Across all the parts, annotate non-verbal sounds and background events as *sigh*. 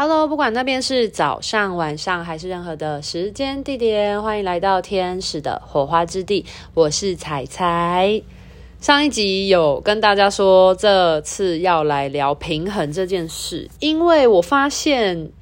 Hello，不管那邊是早上、晚上還是任何的時間地點，歡迎來到天使的火花之地。我是采采。上一集有跟大家說，這次要來聊平衡這件事，因為我發現。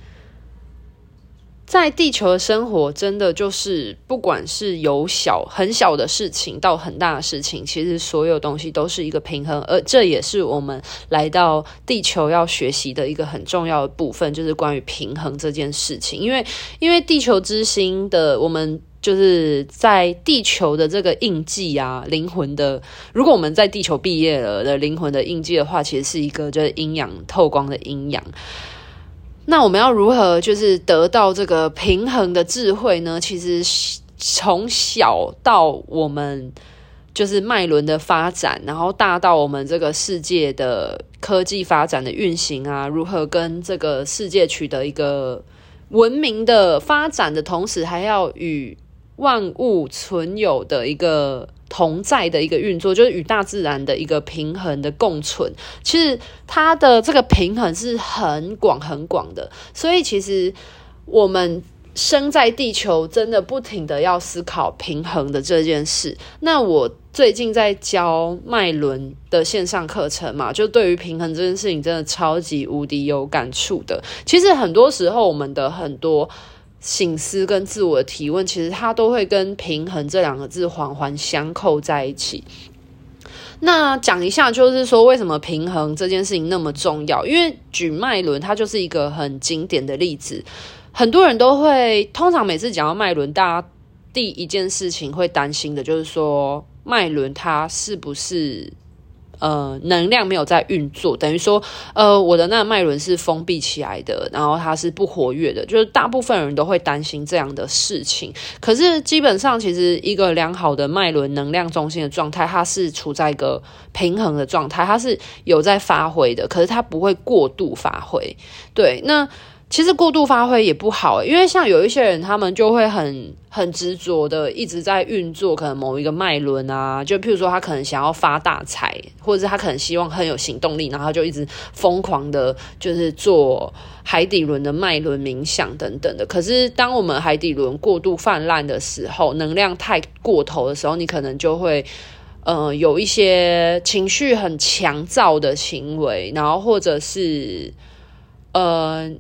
在地球的生活，真的就是不管是由小很小的事情到很大的事情，其實所有東西都是一個平衡，而這也是我們來到地球要學習的一個很重要的部分，就是關於平衡這件事情。因為，因為地球之心的，我們就是在地球的這個印記啊，靈魂的，如果我們在地球畢業了的靈魂的印記的話，其實是一個就是陰陽透光的陰陽。那我們要如何就是得到這個平衡的智慧呢？其實從小到我們就是脈輪的發展，然後大到我們這個世界的科技發展的運行啊，如何跟這個世界取得一個文明的發展的同時，還要與萬物存有的一個。同在的一個運作，就是與大自然的一個平衡的共存。其實它的這個平衡是很廣很廣的，所以其實我們生在地球，真的不停地要思考平衡的這件事。那我最近在教脈輪的線上課程嘛，就對於平衡這件事情，真的超級無敵有感觸的。其實很多時候，我們的很多。省思跟自我提問，其實它都會跟平衡這兩個字環環相扣在一起。那講一下，就是說為什麼平衡這件事情那麼重要？因為舉脈輪，它就是一個很經典的例子。很多人都會，通常每次講到脈輪，大家第一件事情會擔心的就是說，脈輪它是不是？呃，能量沒有在運作，等於說，呃，我的那個脈輪是封閉起來的，然後它是不活躍的。就是大部分人都會擔心這樣的事情，可是基本上其實一個良好的脈輪能量中心的狀態，它是處在一個平衡的狀態，它是有在發揮的，可是它不會過度發揮。對，那。其實過度發揮也不好欸，因為像有一些人，他們就會很很執着的一直在運作，可能某一個脈輪啊，就譬如說他可能想要發大財，或者是他可能希望很有行動力，然後就一直瘋狂的，就是做海底輪的脈輪冥想等等的。可是，當我們海底輪過度泛濫的時候，能量太過頭的時候，你可能就會，嗯、呃，有一些情緒很強躁的行為，然後或者是，嗯、呃。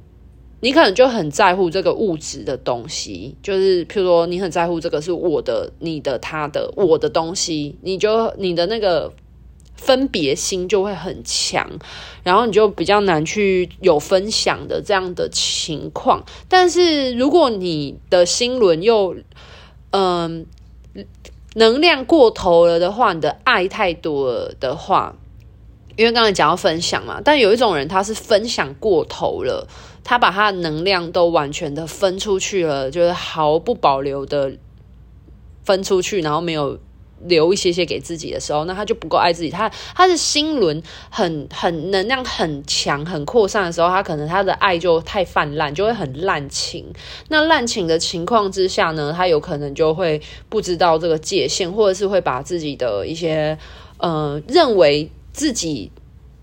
你可能就很在乎這個物質的東西，就是譬如說你很在乎這個是我的、你的、他的、我的東西，你就你的那個分別心就會很強，然後你就比較難去有分享的這樣的情況。但是如果你的心輪又嗯、呃、能量過頭了的話，你的愛太多了的話，因為剛才講到分享嘛，但有一種人他是分享過頭了。他把他的能量都完全的分出去了，就是毫不保留的分出去，然後沒有留一些些給自己的時候，那他就不夠愛自己。他他的心輪很很能量很強，很擴散的時候，他可能他的愛就太泛濫，就會很濫情。那濫情的情況之下呢，他有可能就會不知道這個界限，或者是會把自己的一些呃認為自己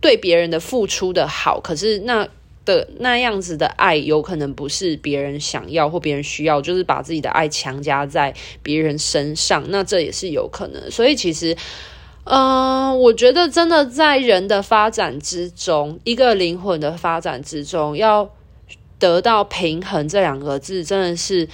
對別人的付出的好，可是那。的那樣子的愛，有可能不是別人想要或別人需要，就是把自己的愛強加在別人身上，那這也是有可能。所以其實，嗯、呃，我覺得真的在人的發展之中，一個靈魂的發展之中，要得到平衡，這兩個字真的是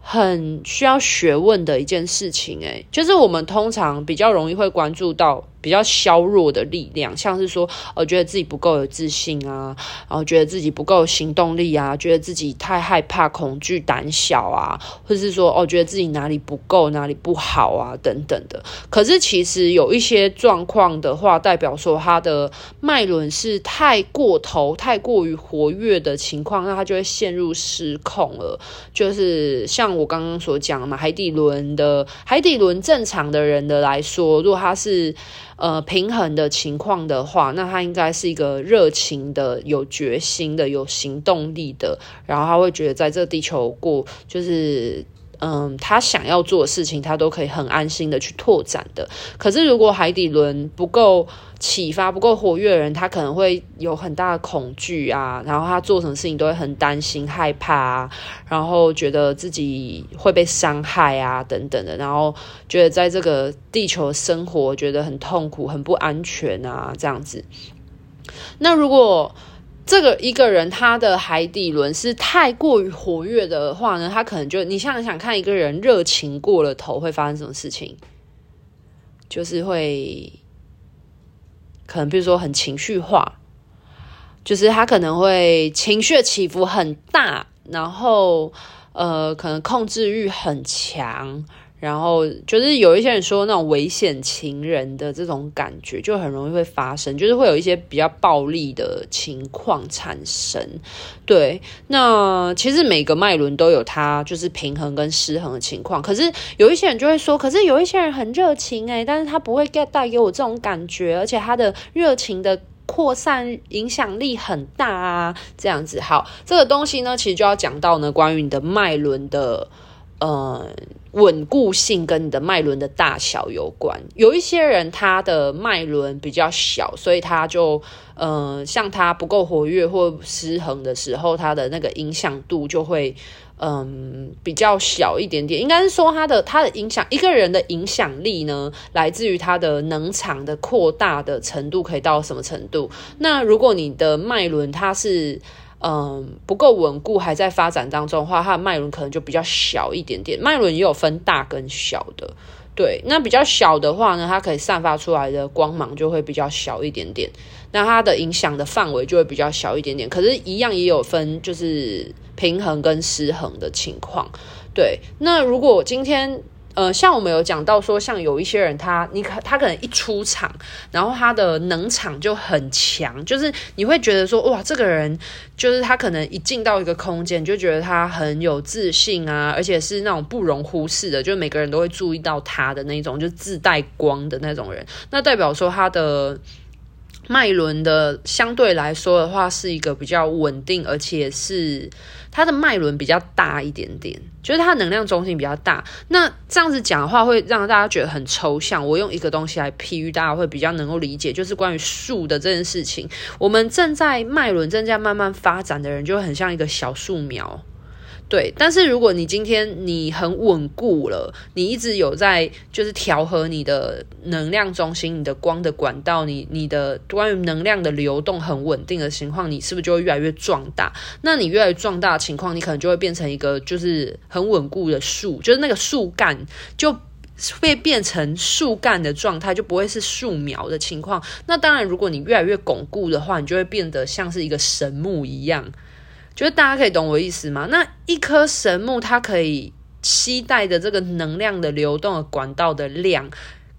很需要學問的一件事情、欸。誒，就是我們通常比較容易會關注到。比較削弱的力量，像是說，哦，覺得自己不夠有自信啊，然後，哦，覺得自己不夠行動力啊，覺得自己太害怕、恐懼、膽小啊，或者是說，哦，覺得自己哪裡不夠、哪裡不好啊，等等的。可是其實有一些狀況的話，代表說他的脈輪是太過頭、太過於活躍的情況，那他就會陷入失控了。就是像我剛剛所講嘛，海底輪的海底輪正常的人的來說，如果他是。呃，平衡的情況的話，那他應該是一個熱情的、有決心的、有行動力的，然後他會覺得在這地球過就是。嗯，他想要做的事情，他都可以很安心的去拓展的。可是，如果海底輪不夠啟發、不夠活躍的人，他可能會有很大的恐懼啊，然後他做什麼事情都會很擔心、害怕啊，然後覺得自己會被傷害啊，等等的，然後覺得在這個地球生活覺得很痛苦、很不安全啊，這樣子。那如果這個一個人他的海底輪是太過於活躍的話呢，他可能就你想想看，一個人熱情過了頭會發生什麼事情，就是會，可能比如說很情緒化，就是他可能會情緒起伏很大，然後呃，可能控制慾很強。然後就是有一些人說那種危險情人的這種感覺，就很容易會發生，就是會有一些比較暴力的情況產生。對，那其實每個脈輪都有它就是平衡跟失衡的情況。可是有一些人就會說，可是有一些人很熱情誒、欸、但是他不會 get 帶給我這種感覺，而且他的熱情的擴散影響力很大啊，這樣子。好，這個東西呢，其實就要講到呢，關於你的脈輪的。呃、嗯，穩固性跟你的脈輪的大小有關。有一些人他的脈輪比較小，所以他就，呃、嗯，像他不夠活躍或失衡的時候，他的那個影響度就會，嗯，比較小一點點。應該是說他的他的影響，一個人的影響力呢，來自於他的能場的擴大的程度可以到什麼程度。那如果你的脈輪它是。嗯，不夠穩固，還在發展當中的話，它的脈輪可能就比較小一點點。脈輪也有分大跟小的，對。那比較小的話呢，它可以散發出來的光芒就會比較小一點點，那它的影響的範圍就會比較小一點點。可是，一樣也有分就是平衡跟失衡的情況，對。那如果我今天。呃，像我們有講到說，像有一些人他、他你可他可能一出場，然後他的能場就很強，就是你會覺得說，哇，這個人就是他可能一進到一個空間，就覺得他很有自信啊，而且是那種不容忽視的，就每個人都會注意到他的那種，就自帶光的那種人，那代表說他的。脈輪的相對來說的話，是一個比較穩定，而且是它的脈輪比較大一點點，就是它能量中心比較大。那這樣子講的話，會讓大家覺得很抽象。我用一個東西來譬喻，大家會比較能夠理解，就是關於樹的這件事情。我們正在脈輪正在慢慢發展的人，就很像一個小樹苗。對，但是如果你今天你很穩固了，你一直有在就是調和你的能量中心、你的光的管道，你你的關於能量的流動很穩定的情況，你是不是就會越來越壯大？那你越來越壯大的情況，你可能就會變成一個就是很穩固的樹，就是那個樹幹就會變成樹幹的狀態，就不會是樹苗的情況。那當然，如果你越來越鞏固的話，你就會變得像是一個神木一樣。就是大家可以懂我意思嗎？那一棵神木，它可以期待的這個能量的流動管道的量，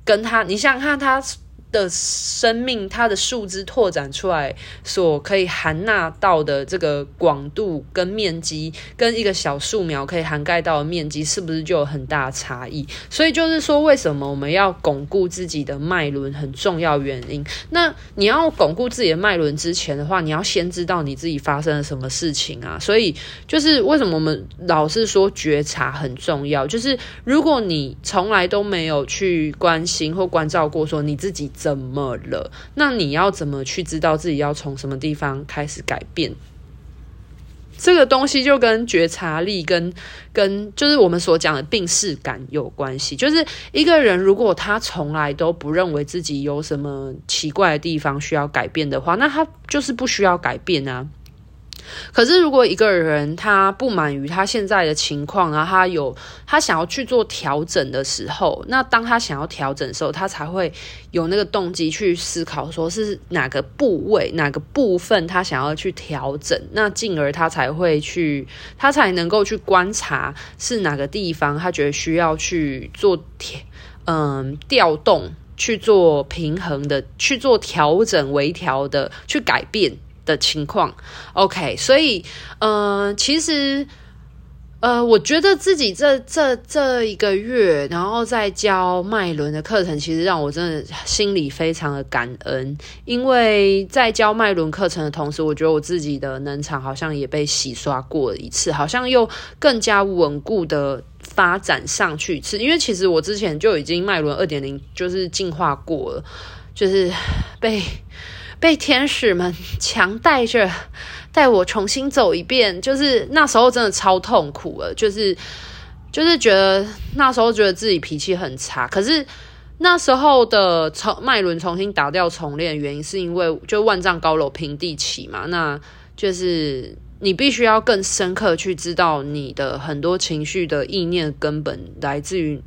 跟它，你想想看它。的生命，它的樹枝拓展出來所可以含納到的這個廣度跟面積，跟一個小樹苗可以涵蓋到的面積，是不是就有很大差異？所以就是說，為什麼我們要鞏固自己的脈輪很重要原因？那你要鞏固自己的脈輪之前的話，你要先知道你自己發生了什麼事情啊。所以就是為什麼我們老是說覺察很重要？就是如果你從來都沒有去關心或關照過說，說你自己。怎麼了？那你要怎麼去知道自己要從什麼地方開始改變？這個東西就跟覺察力跟、跟跟就是我們所講的病識感有關係。就是一個人如果他從來都不認為自己有什麼奇怪的地方需要改變的話，那他就是不需要改變啊。可是，如果一個人他不滿於他現在的情況啊，然後他有他想要去做調整的時候，那當他想要調整的時候，他才會有那個動機去思考，說是哪個部位、哪個部分他想要去調整，那進而他才會去，他才能夠去觀察是哪個地方他覺得需要去做調，嗯，調動去做平衡的，去做調整、微調的，去改變。的情況，OK，所以，嗯、呃，其實，呃，我覺得自己這這這一個月，然後在教脈輪的課程，其實讓我真的心裡非常的感恩，因為在教脈輪課程的同時，我覺得我自己的能場好像也被洗刷過一次，好像又更加穩固的發展上去，是因為其實我之前就已經脈輪二點零就是進化過了，就是被。被天使們強帶着帶我重新走一遍，就是那時候真的超痛苦了，就是就是覺得那時候覺得自己脾氣很差，可是那時候的重脈輪重新打掉重練原因是因為就萬丈高樓平地起嘛，那就是你必須要更深刻去知道你的很多情緒的意念根本來自於。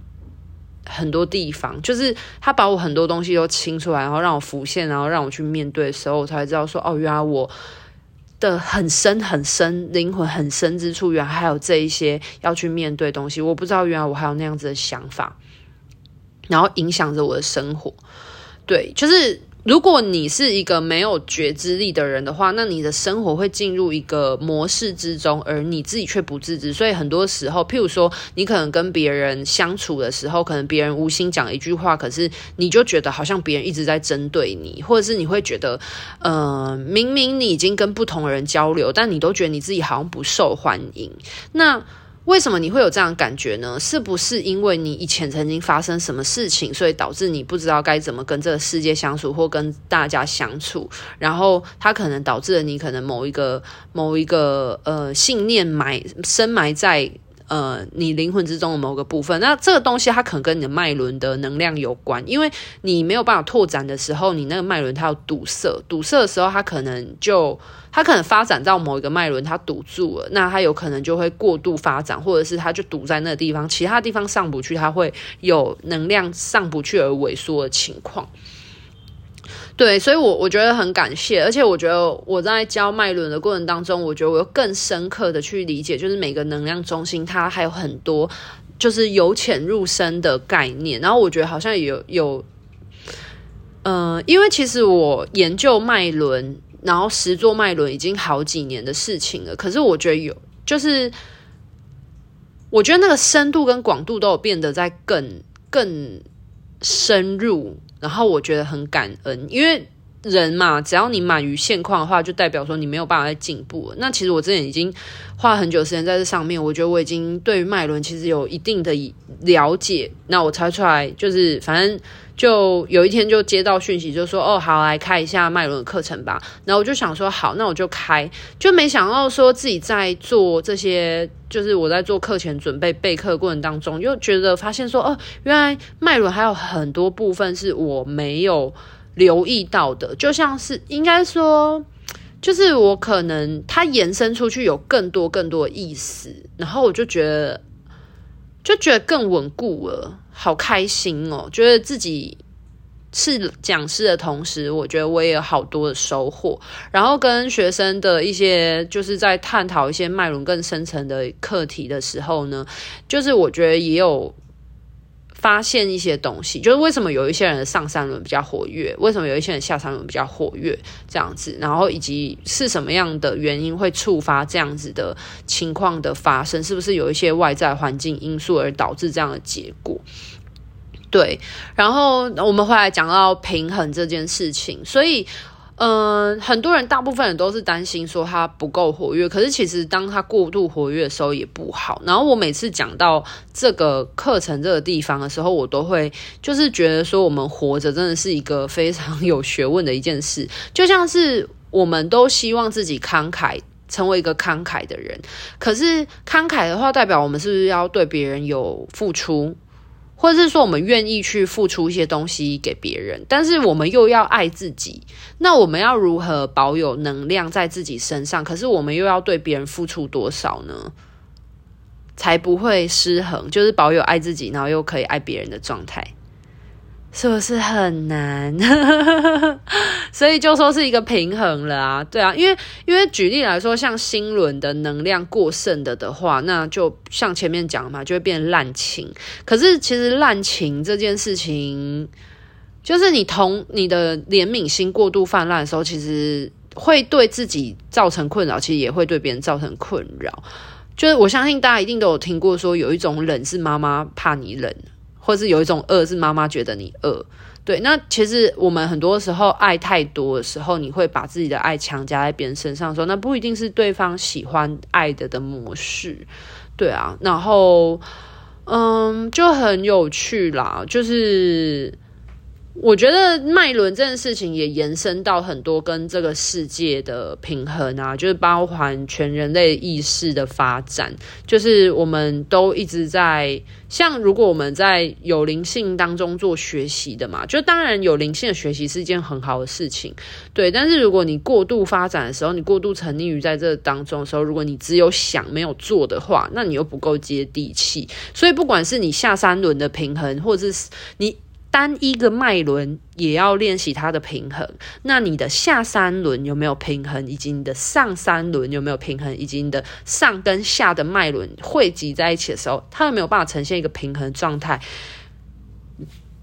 很多地方，就是他把我很多東西都清出來，然後讓我浮現，然後讓我去面對的時候，我才知道說，哦，原來我的很深很深靈魂很深之處，原來還有這一些要去面對東西。我不知道，原來我還有那樣子的想法，然後影響着我的生活。對，就是。如果你是一個沒有覺知力的人的話，那你的生活會進入一個模式之中，而你自己卻不自知。所以很多時候，譬如說，你可能跟別人相處的時候，可能別人無心講一句話，可是你就覺得好像別人一直在針對你，或者是你會覺得，嗯、呃，明明你已經跟不同的人交流，但你都覺得你自己好像不受歡迎。那為什麼你會有這樣的感覺呢？是不是因為你以前曾經發生什麼事情，所以導致你不知道該怎麼跟這個世界相處，或跟大家相處？然後它可能導致了你可能某一個，某一個，呃，信念埋，深埋在。呃，你靈魂之中的某個部分，那這個東西它可能跟你的脈輪的能量有關，因為你沒有辦法拓展的時候，你那個脈輪它要堵塞，堵塞的時候，它可能就，它可能發展到某一個脈輪，它堵住了，那它有可能就會過度發展，或者是它就堵在那個地方，其他地方上不去，它會有能量上不去而萎縮的情況。對，所以我，我我覺得很感謝，而且我覺得我在教脈輪的過程當中，我覺得我又更深刻的去理解，就是每個能量中心它還有很多，就是由淺入深的概念。然後我覺得好像也有有，嗯、呃，因為其實我研究脈輪，然後實做脈輪已經好幾年的事情了，可是我覺得有，就是我覺得那個深度跟廣度都有變得在更更深入。然後我覺得很感恩，因為，人嘛，只要你滿於現況的話，就代表說你沒有辦法再進步。那其實我之前已經花很久時間在這上面，我覺得我已經對於脈輪其實有一定的了解。那我猜出來，就是反正就有一天就接到訊息，就說哦，好，來開一下脈輪的課程吧。然後我就想說，好，那我就開，就沒想到說自己在做這些，就是我在做課前準備備課過程當中，又覺得發現說，哦，原來脈輪還有很多部分是我沒有。留意到的，就像是應該說，就是我可能它延伸出去有更多更多的意思，然後我就覺得就覺得更穩固了，好開心哦！覺得自己是講師的同時，我覺得我也有好多的收穫。然後跟學生的一些就是在探討一些脈輪更深層的課題的時候呢，就是我覺得也有。發現一些東西，就是為什麼有一些人的上三輪比較活躍，為什麼有一些人的下三輪比較活躍這樣子，然後以及是什麼樣的原因會觸發這樣子的情況的發生，是不是有一些外在環境因素而導致這樣的結果？對，然後我們會來講到平衡這件事情，所以。嗯、呃，很多人大部分人都是擔心說他不夠活躍，可是其實當他過度活躍的時候也不好。然後我每次講到這個課程這個地方的時候，我都會就是覺得說我們活着真的是一個非常有學問的一件事。就像是我們都希望自己慷慨，成為一個慷慨的人，可是慷慨的話代表我們是不是要對別人有付出？或者是說，我們願意去付出一些東西給別人，但是我們又要愛自己，那我們要如何保有能量在自己身上？可是我們又要對別人付出多少呢？才不會失衡，就是保有愛自己，然後又可以愛別人的狀態。是不是很難？ *laughs* 所以就說是一個平衡了啊，對啊，因為因為舉例來說，像心輪的能量過剩的的話，那就像前面講嘛，就會變濫情。可是其實濫情這件事情，就是你同你的憐憫心過度泛濫的時候，其實會對自己造成困擾，其實也會對別人造成困擾。就是我相信大家一定都有聽過說，說有一種冷是媽媽怕你冷。或是有一種餓，是媽媽覺得你餓，對。那其實我們很多時候愛太多的時候，你會把自己的愛強加在別人身上的時候，候那不一定是對方喜歡愛的的模式，對啊。然後，嗯，就很有趣啦，就是。我覺得脈輪這件事情也延伸到很多跟這個世界的平衡啊，就是包含全人類意識的發展，就是我們都一直在像如果我們在有靈性當中做學習的嘛，就當然有靈性的學習是一件很好的事情，對。但是如果你過度發展的時候，你過度沉溺於在這當中的時候，如果你只有想沒有做的話，那你又不夠接地氣。所以不管是你下三輪的平衡，或者是你。單一個脈輪也要練習它的平衡。那你的下三輪有沒有平衡？以及你的上三輪有沒有平衡？以及你的上跟下的脈輪匯集在一起的時候，它有沒有辦法呈現一個平衡狀態。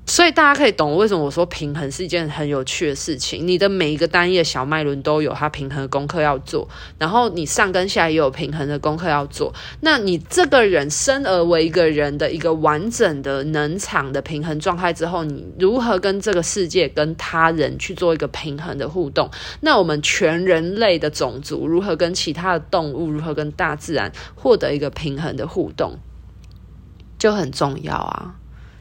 所以大家可以懂為什麼我說平衡是一件很有趣的事情。你的每一個單一的小脈輪都有它平衡的功課要做，然後你上跟下也有平衡的功課要做。那你這個人生而為一個人的一個完整的能場的平衡狀態之後，你如何跟這個世界、跟他人去做一個平衡的互動？那我們全人類的種族如何跟其他的動物、如何跟大自然獲得一個平衡的互動，就很重要啊。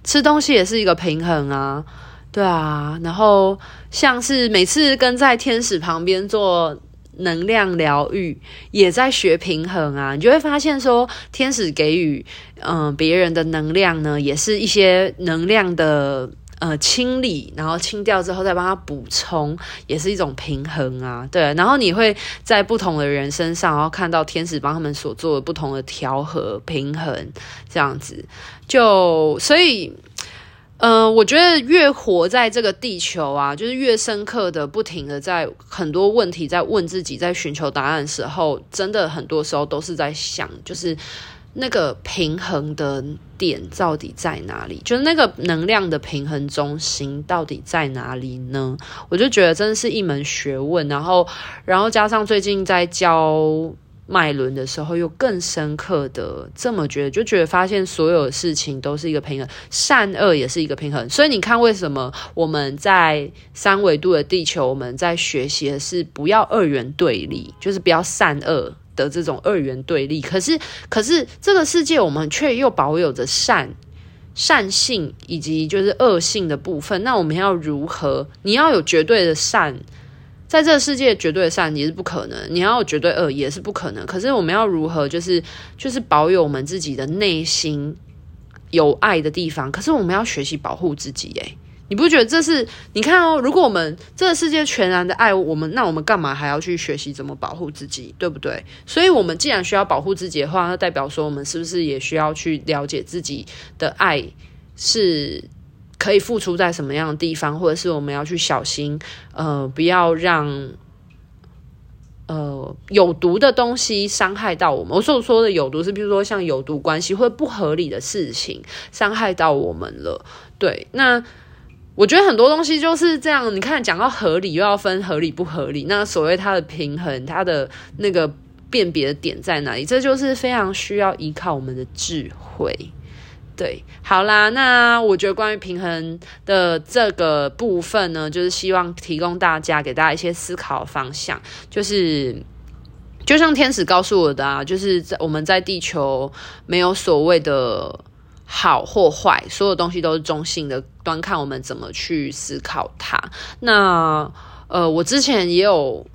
吃東西也是一個平衡啊，對啊，然後像是每次跟在天使旁邊做能量療癒，也在學平衡啊，你就會發現說，天使給予嗯、呃、別人的能量呢，也是一些能量的。呃、嗯，清理，然後清掉之後再幫他補充，也是一種平衡啊，對。然後你會在不同的人身上，然後看到天使幫他們所做的不同的調和、平衡，這樣子。就所以，嗯、呃，我覺得越活在這個地球啊，就是越深刻的，不停的在很多問題在問自己，在尋求答案的時候，真的很多時候都是在想，就是。那個平衡的點到底在哪裡？就是那個能量的平衡中心到底在哪裡呢？我就覺得真的是一門學問。然後，然後加上最近在教脈輪的時候，又更深刻的這麼覺得，就覺得發現所有的事情都是一個平衡，善惡也是一個平衡。所以你看，為什麼我們在三維度的地球，我們在學習的是不要二元對立，就是不要善惡，的這種二元對立，可是可是這個世界，我們卻又保有着善善性以及就是惡性的部分。那我們要如何？你要有絕對的善，在這個世界絕對的善也是不可能；你要有絕對惡也是不可能。可是我們要如何？就是就是保有我們自己的內心有愛的地方。可是我們要學習保護自己，欸，耶！你不覺得這是？你看哦，如果我們這個世界全然的愛我們，那我們幹嘛還要去學習怎麼保護自己，對不對？所以，我們既然需要保護自己的話，那代表說我們是不是也需要去了解自己的愛是可以付出在什麼樣的地方，或者是我們要去小心，呃，不要讓呃有毒的東西傷害到我們。我所說的有毒，是比如說像有毒關係或不合理的事情傷害到我們了。對，那。我覺得很多東西就是這樣，你看，講到合理又要分合理不合理，那所謂它的平衡，它的那個辨別的點在哪裡？這就是非常需要依靠我們的智慧。對，好啦，那我覺得關於平衡的這個部分呢，就是希望提供大家，給大家一些思考方向，就是就像天使告訴我的啊，就是在我們在地球沒有所謂的。好或壞，所有東西都是中性的，端看我們怎麼去思考它。那呃，我之前也有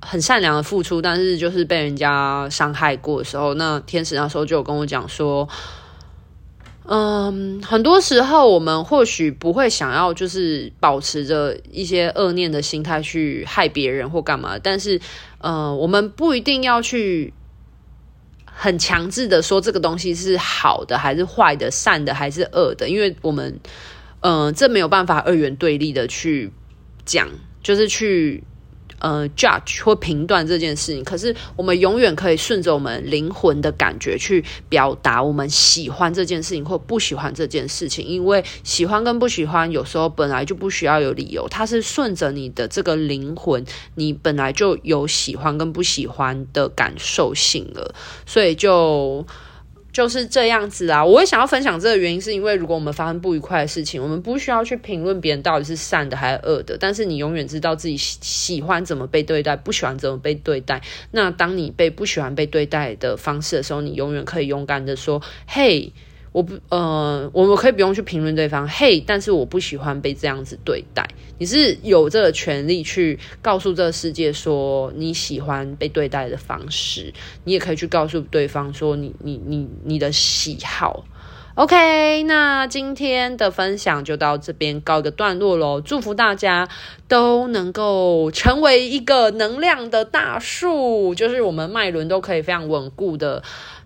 很善良的付出，但是就是被人家傷害過的時候，那天使那時候就有跟我講說，嗯，很多時候我們或許不會想要就是保持着一些惡念的心態去害別人或幹嘛，但是嗯、呃，我們不一定要去。很強制的說，這個東西是好的還是壞的，善的還是惡的，因為我們，嗯、呃，這沒有辦法二元對立的去講，就是去。呃，judge 或評斷這件事情，可是我們永遠可以順着我們靈魂的感覺去表達我們喜歡這件事情或不喜歡這件事情，因為喜歡跟不喜歡有時候本來就不需要有理由，它是順着你的這個靈魂，你本來就有喜歡跟不喜歡的感受性了，所以就。就是這樣子啊！我會想要分享這個原因，是因為如果我們發生不愉快的事情，我們不需要去評論別人到底是善的還是惡的。但是你永遠知道自己喜歡怎麼被對待，不喜歡怎麼被對待。那當你被不喜歡被對待的方式的時候，你永遠可以勇敢地說：“嘿。”我不呃，我們可以不用去評論對方。嘿，但是我不喜歡被這樣子對待。你是有這個權利去告訴這個世界說，你喜歡被對待的方式。你也可以去告訴對方說你、你、你、你的喜好。OK，那今天的分享就到這邊告一個段落嘍。祝福大家都能夠成為一個能量的大樹，就是我們脈輪都可以非常穩固的。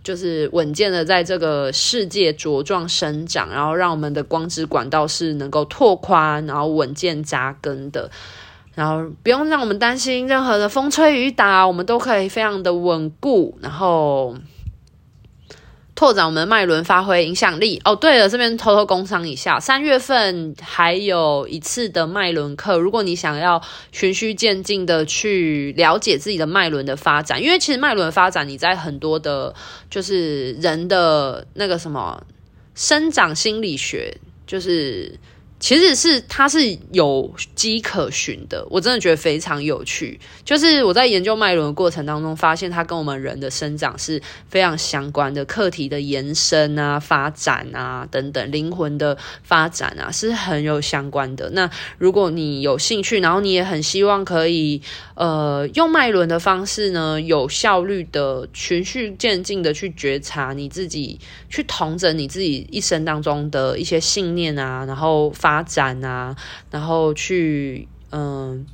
就是穩健的在這個世界茁壯生長，然後讓我們的光之管道是能夠拓寬，然後穩健扎根的，然後不用讓我們擔心任何的風吹雨打，我們都可以非常的穩固，然後。拓展我們的脈輪，發揮影響力。哦、oh，對了，這邊偷偷工商一下，三月份還有一次的脈輪課，如果你想要循序漸進的去了解自己的脈輪的發展，因為其實脈輪發展你在很多的，就是人的那個什麼生長心理學，就是。其實是它是有跡可循的，我真的覺得非常有趣。就是我在研究脈輪的過程當中，發現它跟我們人的生長是非常相關的，課題的延伸啊、發展啊等等，靈魂的發展啊是很有相關的。那如果你有興趣，然後你也很希望可以呃用脈輪的方式呢，有效率的循序漸進的去覺察你自己，去統整你自己一生當中的一些信念啊，然後。發展啊，然後去嗯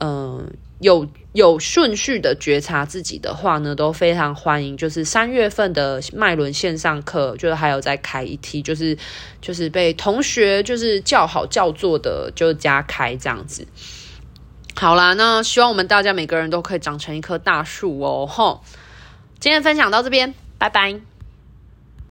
嗯，有有順序的覺察自己的話呢，都非常歡迎。就是三月份的脈輪線上課，就是還有再開一梯，就是就是被同學就是叫好叫座的，就加開這樣子。好啦，那希望我們大家每個人都可以長成一棵大樹哦。吼，今天分享到這邊，拜拜。